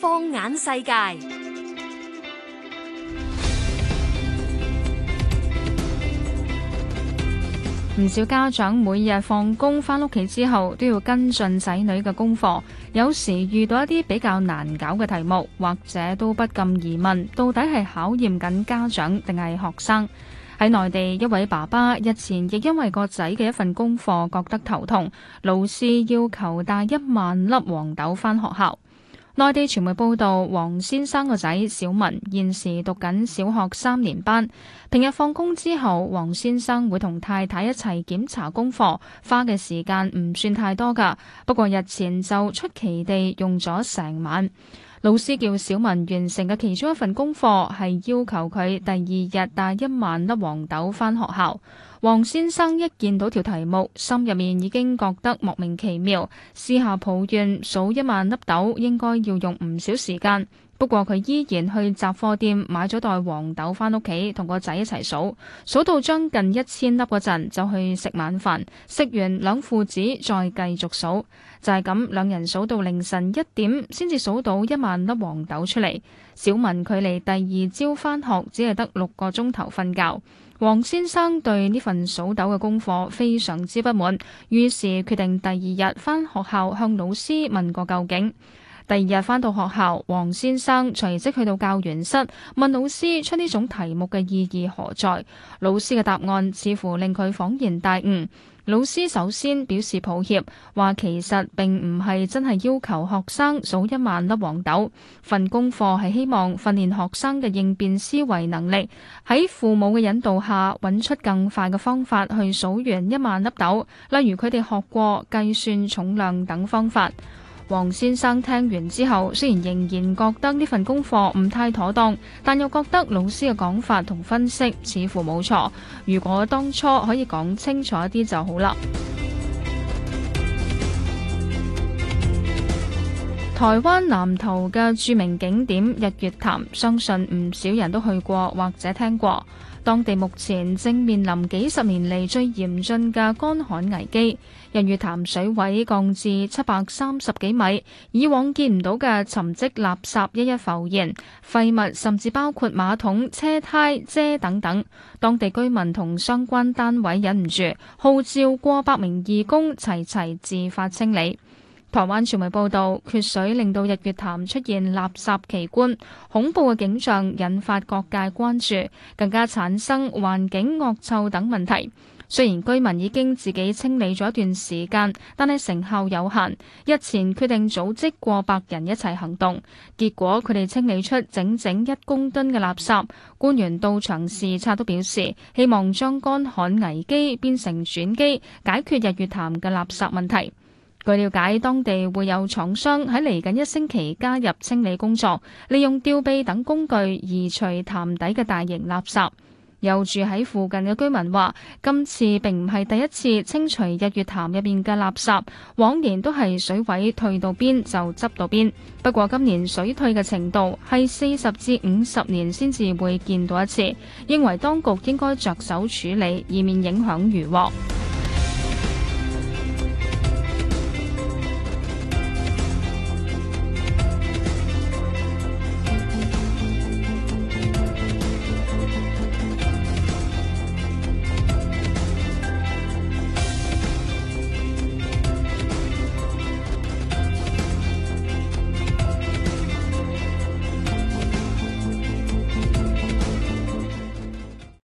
放眼世界，唔少家長每日放工翻屋企之後，都要跟進仔女嘅功課。有時遇到一啲比較難搞嘅題目，或者都不禁疑問：到底係考驗緊家長定係學生？喺內地，一位爸爸日前亦因為個仔嘅一份功課覺得頭痛，老師要求帶一萬粒黃豆返學校。內地傳媒報道，黃先生個仔小文現時讀緊小學三年班，平日放工之後，黃先生會同太太一齊檢查功課，花嘅時間唔算太多㗎，不過日前就出奇地用咗成晚。老師叫小文完成嘅其中一份功課係要求佢第二日帶一萬粒黃豆返學校。王先生一見到條題目，心入面已經覺得莫名其妙，私下抱怨數一萬粒豆應該要用唔少時間。不過佢依然去雜貨店買咗袋黃豆返屋企，同個仔一齊數，數到將近一千粒嗰陣就去食晚飯，食完兩父子再繼續數，就係咁，兩人數到凌晨一點先至數到一萬粒黃豆出嚟。小文距離第二朝返學只係得六個鐘頭瞓覺。黃先生對呢份數豆嘅功課非常之不滿，於是決定第二日返學校向老師問個究竟。第二日返到學校，黃先生隨即去到教員室問老師出呢種題目嘅意義何在。老師嘅答案似乎令佢恍然大悟。老師首先表示抱歉，話其實並唔係真係要求學生數一萬粒黃豆，份功課係希望訓練學生嘅應變思維能力，喺父母嘅引導下揾出更快嘅方法去數完一萬粒豆，例如佢哋學過計算重量等方法。王先生聽完之後，雖然仍然覺得呢份功課唔太妥當，但又覺得老師嘅講法同分析似乎冇錯。如果當初可以講清楚一啲就好啦。台灣南投嘅著名景點日月潭，相信唔少人都去過或者聽過。當地目前正面臨幾十年嚟最嚴峻嘅乾旱危機，日月潭水位降至七百三十幾米，以往見唔到嘅沉積垃垃圾一一浮現，廢物甚至包括馬桶、車胎、遮等等。當地居民同相關單位忍唔住，號召過百名義工齊齊自發清理。台灣傳媒報導，缺水令到日月潭出現垃圾奇觀，恐怖嘅景象引發各界關注，更加產生環境惡臭等問題。雖然居民已經自己清理咗一段時間，但係成效有限。日前決定組織過百人一齊行動，結果佢哋清理出整整一公噸嘅垃圾。官員到場視察都表示，希望將乾旱危機變成轉機，解決日月潭嘅垃圾問題。據了解，當地會有廠商喺嚟緊一星期加入清理工作，利用吊臂等工具移除潭底嘅大型垃圾。有住喺附近嘅居民話，今次並唔係第一次清除日月潭入面嘅垃圾，往年都係水位退到邊就執到邊。不過今年水退嘅程度係四十至五十年先至會見到一次，認為當局應該着手處理，以免影響漁獲。